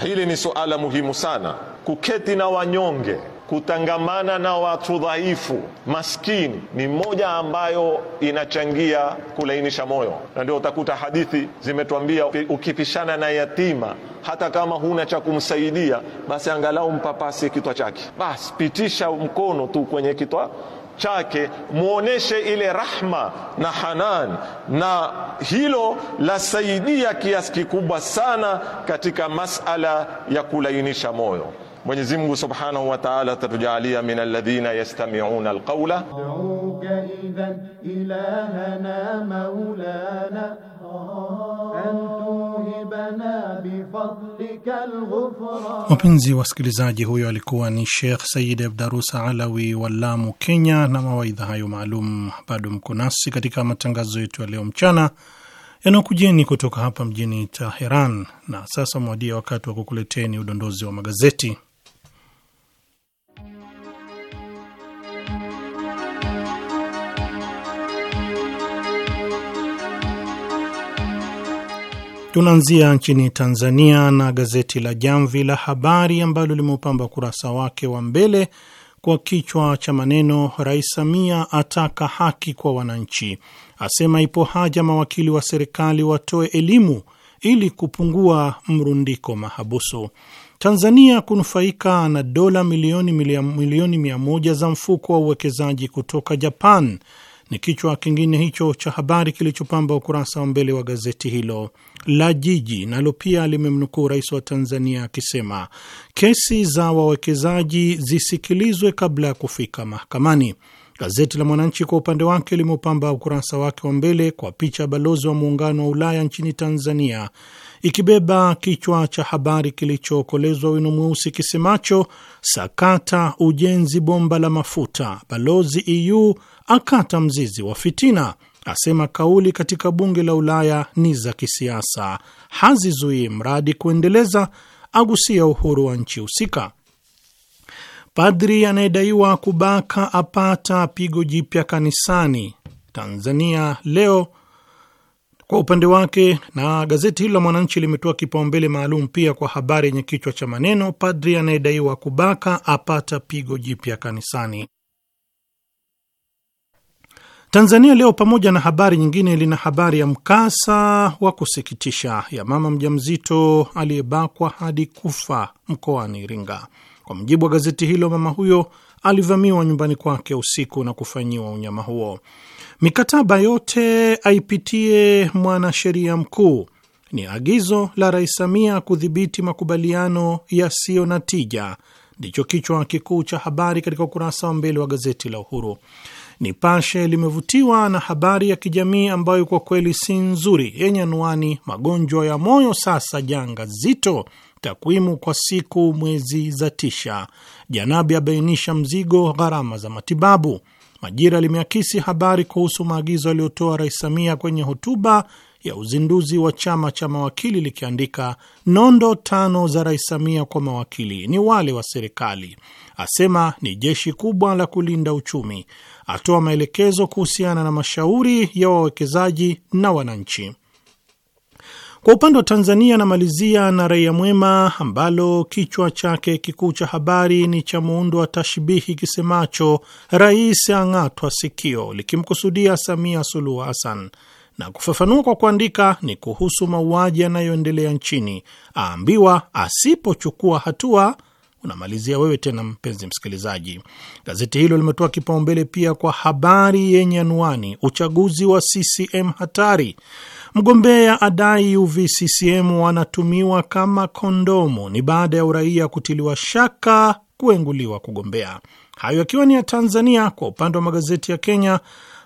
Hili ni suala muhimu sana, kuketi na wanyonge, kutangamana na watu dhaifu, maskini, ni moja ambayo inachangia kulainisha moyo, na ndio utakuta hadithi zimetuambia ukipishana na yatima hata kama huna cha kumsaidia, basi angalau mpapasi kitwa chake, basi pitisha mkono tu kwenye kitwa chake muoneshe ile rahma na hanan, na hilo lasaidia kiasi kikubwa sana katika masala ya kulainisha moyo. Mwenyezi Mungu Subhanahu wa Ta'ala atatujalia min alladhina yastami'una alqawla Wapenzi wasikilizaji, huyo alikuwa ni Sheikh Said abdarusa Alawi wa Lamu, Kenya, na mawaidha hayo maalum. Bado mko nasi katika matangazo yetu ya leo mchana yanayokujeni kutoka hapa mjini Teheran, na sasa mwadia wakati wa kukuleteni udondozi wa magazeti. Tunaanzia nchini Tanzania na gazeti la Jamvi la Habari ambalo limeupamba ukurasa wake wa mbele kwa kichwa cha maneno, Rais Samia ataka haki kwa wananchi, asema ipo haja mawakili wa serikali watoe elimu ili kupungua mrundiko mahabusu. Tanzania kunufaika na dola milioni milioni mia moja za mfuko wa uwekezaji kutoka Japan ni kichwa kingine hicho cha habari kilichopamba ukurasa wa mbele wa gazeti hilo la Jiji, nalo pia limemnukuu rais wa Tanzania akisema kesi za wawekezaji zisikilizwe kabla ya kufika mahakamani. Gazeti la Mwananchi kwa upande wake limeupamba ukurasa wake wa mbele kwa picha ya balozi wa muungano wa Ulaya nchini Tanzania ikibeba kichwa cha habari kilichookolezwa wino mweusi kisemacho sakata ujenzi bomba la mafuta, balozi EU akata mzizi wa fitina, asema kauli katika bunge la Ulaya ni za kisiasa, hazizuii mradi kuendeleza, agusia uhuru wa nchi husika. Padri anayedaiwa kubaka apata pigo jipya kanisani. Tanzania Leo kwa upande wake na gazeti hilo la Mwananchi limetoa kipaumbele maalum pia kwa habari yenye kichwa cha maneno padri anayedaiwa kubaka apata pigo jipya kanisani. Tanzania Leo pamoja na habari nyingine lina habari ya mkasa wa kusikitisha ya mama mjamzito aliyebakwa hadi kufa mkoani Iringa. Kwa mujibu wa gazeti hilo, mama huyo alivamiwa nyumbani kwake usiku na kufanyiwa unyama huo. Mikataba yote aipitie mwanasheria mkuu ni agizo la Rais Samia kudhibiti makubaliano yasiyo na tija, ndicho kichwa kikuu cha habari katika ukurasa wa mbele wa gazeti la Uhuru. Nipashe limevutiwa na habari ya kijamii ambayo kwa kweli si nzuri, yenye anwani magonjwa ya moyo sasa janga zito, takwimu kwa siku mwezi za tisha, Janabi abainisha mzigo gharama za matibabu Majira limeakisi habari kuhusu maagizo aliyotoa Rais Samia kwenye hotuba ya uzinduzi wa chama cha mawakili likiandika, nondo tano za Rais Samia kwa mawakili ni wale wa serikali, asema ni jeshi kubwa la kulinda uchumi, atoa maelekezo kuhusiana na mashauri ya wawekezaji na wananchi kwa upande wa Tanzania, anamalizia na Raia Mwema ambalo kichwa chake kikuu cha habari ni cha muundo wa tashbihi kisemacho rais ang'atwa sikio, likimkusudia Samia Suluhu Hassan na kufafanua kwa kuandika, ni kuhusu mauaji yanayoendelea nchini, aambiwa asipochukua hatua unamalizia wewe tena, mpenzi msikilizaji. Gazeti hilo limetoa kipaumbele pia kwa habari yenye anwani uchaguzi wa CCM hatari Mgombea adai UVCCM wanatumiwa kama kondomo. Ni baada ya uraia kutiliwa shaka kuenguliwa kugombea. Hayo yakiwa ni ya Tanzania. Kwa upande wa magazeti ya Kenya,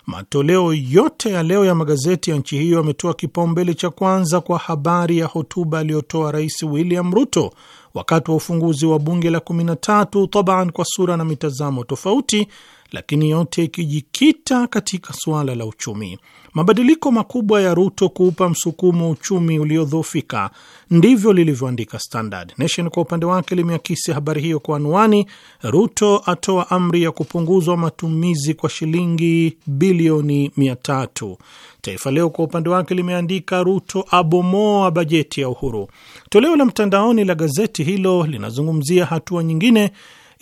matoleo yote ya leo ya magazeti ya nchi hiyo yametoa kipaumbele cha kwanza kwa habari ya hotuba aliyotoa Rais William Ruto wakati wa ufunguzi wa bunge la 13 taban, kwa sura na mitazamo tofauti lakini yote ikijikita katika suala la uchumi. Mabadiliko makubwa ya Ruto kuupa msukumo uchumi uliodhoofika, ndivyo lilivyoandika Standard. Nation kwa upande wake limeakisi habari hiyo kwa anwani, Ruto atoa amri ya kupunguzwa matumizi kwa shilingi bilioni mia tatu. Taifa Leo kwa upande wake limeandika Ruto abomoa bajeti ya Uhuru. Toleo la mtandaoni la gazeti hilo linazungumzia hatua nyingine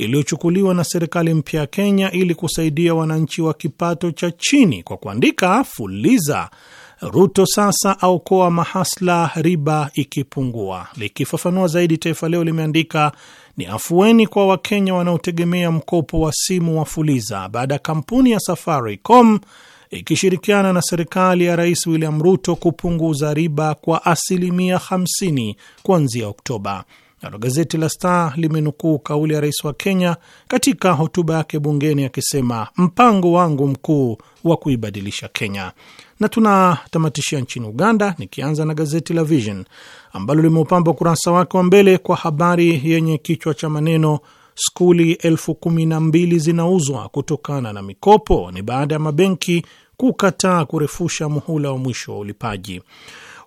iliyochukuliwa na serikali mpya ya Kenya ili kusaidia wananchi wa kipato cha chini kwa kuandika fuliza Ruto sasa aokoa mahasla riba ikipungua. Likifafanua zaidi, Taifa Leo limeandika ni afueni kwa Wakenya wanaotegemea mkopo wa simu wa Fuliza baada ya kampuni ya Safaricom ikishirikiana na serikali ya Rais William Ruto kupunguza riba kwa asilimia 50 kuanzia Oktoba. Nalo gazeti la Star limenukuu kauli ya rais wa Kenya katika hotuba yake bungeni akisema ya mpango wangu mkuu wa kuibadilisha Kenya. Na tunatamatishia nchini Uganda, nikianza na gazeti la Vision ambalo limeupamba ukurasa wake wa mbele kwa habari yenye kichwa cha maneno skuli elfu kumi na mbili zinauzwa kutokana na mikopo. Ni baada ya mabenki kukataa kurefusha muhula wa mwisho wa ulipaji.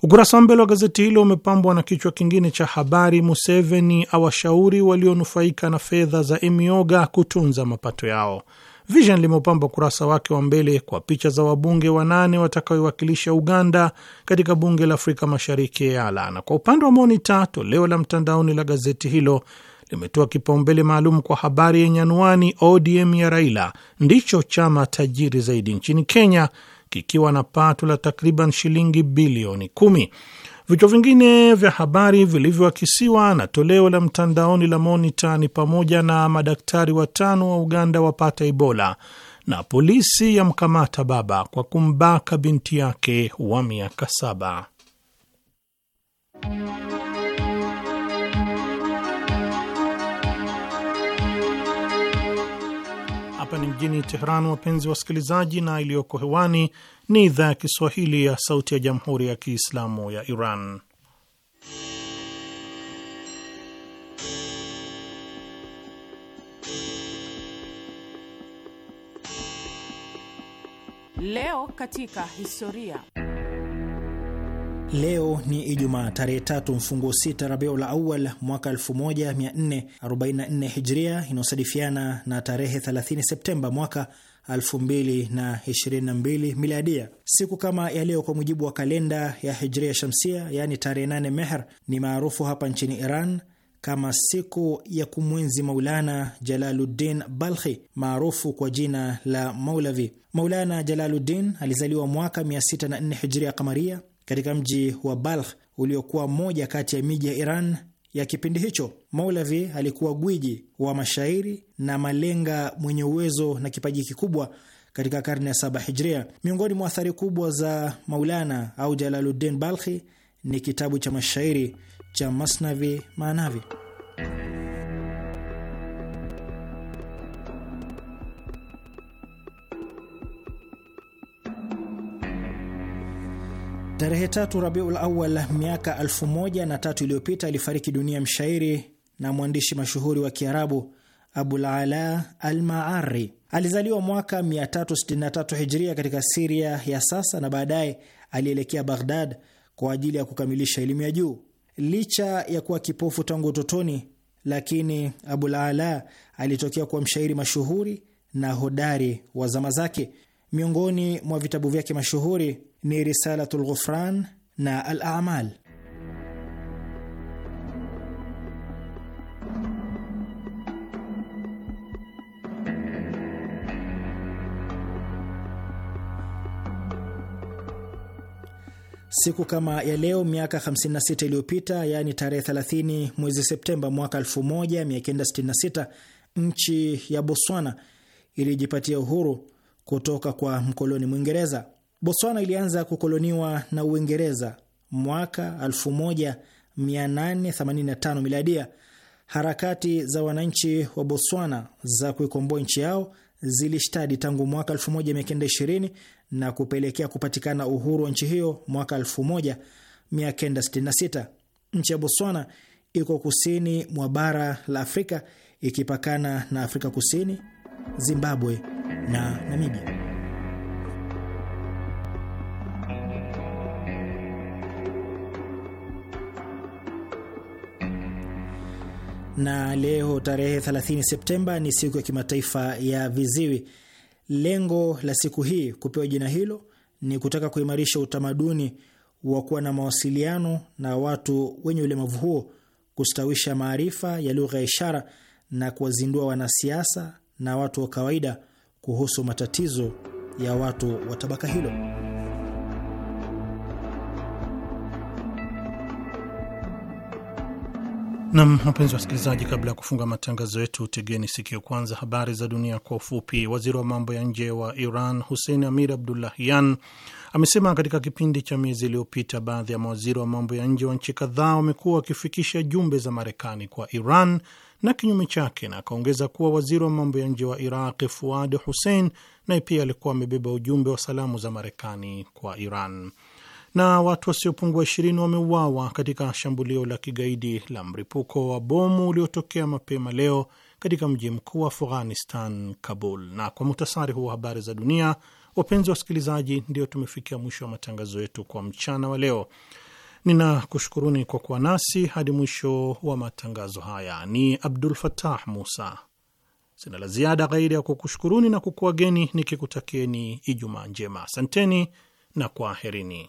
Ukurasa wa mbele wa gazeti hilo umepambwa na kichwa kingine cha habari, Museveni awashauri walionufaika na fedha za Emioga kutunza mapato yao. Vision limeupamba ukurasa wake wa mbele kwa picha za wabunge wanane watakaoiwakilisha Uganda katika bunge la Afrika Mashariki EALA, na kwa upande wa Monita, toleo la mtandaoni la gazeti hilo limetoa kipaumbele maalum kwa habari yenye anwani ODM ya Raila ndicho chama tajiri zaidi nchini Kenya kikiwa na pato la takriban shilingi bilioni kumi. Vichwa vingine vya habari vilivyoakisiwa na toleo la mtandaoni la Monita ni pamoja na madaktari watano wa Uganda wapata Ebola na polisi yamkamata baba kwa kumbaka binti yake wa miaka saba. mjini Teheran, wapenzi wasikilizaji, na iliyoko hewani ni idhaa ya Kiswahili ya Sauti ya Jamhuri ya Kiislamu ya Iran. Leo katika historia Leo ni Ijumaa tarehe tatu mfungo sita Rabiul Awal mwaka 1444 Hijria, inayosadifiana na tarehe 30 Septemba mwaka 2022 Miladia. Siku kama ya leo kwa mujibu wa kalenda ya Hijria Shamsia, yaani tarehe 8 Mehr, ni maarufu hapa nchini Iran kama siku ya kumwenzi Maulana Jalaluddin Balkhi maarufu kwa jina la Maulavi. Maulana Jalaluddin alizaliwa mwaka 604 Hijria Kamaria katika mji wa Balkh uliokuwa moja kati ya miji ya Iran ya kipindi hicho. Maulavi alikuwa gwiji wa mashairi na malenga mwenye uwezo na kipaji kikubwa katika karne ya saba Hijria. Miongoni mwa athari kubwa za Maulana au Jalaluddin Balkhi ni kitabu cha mashairi cha Masnavi Maanavi. Tarehe tatu Rabiul Awal miaka elfu moja na tatu iliyopita alifariki dunia mshairi na mwandishi mashuhuri wa Kiarabu Abul Ala al Maari. Alizaliwa mwaka 363 Hijria katika Siria ya sasa na baadaye alielekea Baghdad kwa ajili ya kukamilisha elimu ya juu. Licha ya kuwa kipofu tangu utotoni, lakini Abul Ala alitokea kuwa mshairi mashuhuri na hodari wa zama zake. Miongoni mwa vitabu vyake mashuhuri ni Risalatu Lghufran na alamal Siku kama ya leo miaka 56 iliyopita, yaani tarehe 30 mwezi Septemba mwaka 1966, nchi ya Botswana ilijipatia uhuru kutoka kwa mkoloni Mwingereza. Botswana ilianza kukoloniwa na Uingereza mwaka 1885 miladia. Harakati za wananchi wa Botswana za kuikomboa nchi yao zilishtadi tangu mwaka 1920 na kupelekea kupatikana uhuru wa nchi hiyo mwaka 1966. Nchi ya Botswana iko kusini mwa bara la Afrika ikipakana na Afrika Kusini, Zimbabwe na Namibia. na leo tarehe 30 Septemba ni siku ya kimataifa ya viziwi. Lengo la siku hii kupewa jina hilo ni kutaka kuimarisha utamaduni wa kuwa na mawasiliano na watu wenye ulemavu huo, kustawisha maarifa ya lugha ya ishara na kuwazindua wanasiasa na watu wa kawaida kuhusu matatizo ya watu wa tabaka hilo. Nam, wapenzi wasikilizaji, kabla ya kufunga matangazo yetu, tegeni sikio kwanza habari za dunia kwa ufupi. Waziri wa mambo ya nje wa Iran Hussein Amir Abdullahian amesema katika kipindi cha miezi iliyopita baadhi ya mawaziri wa mambo ya nje wa nchi kadhaa wamekuwa wakifikisha jumbe za Marekani kwa Iran na kinyume chake, na akaongeza kuwa waziri wa mambo ya nje wa Iraq Fuad Hussein naye pia alikuwa amebeba ujumbe wa salamu za Marekani kwa Iran na watu wasiopungua ishirini wameuawa katika shambulio la kigaidi la mripuko wa bomu uliotokea mapema leo katika mji mkuu wa Afghanistan, Kabul. Na kwa muhtasari huu wa habari za dunia, wapenzi wa wasikilizaji, ndio tumefikia mwisho wa matangazo yetu kwa mchana wa leo. Ninakushukuruni kwa kuwa nasi hadi mwisho wa matangazo haya. Ni Abdul Fatah Musa, sina la ziada ghairi ya kukushukuruni na kukuageni nikikutakieni Ijumaa njema. Asanteni na kwaherini.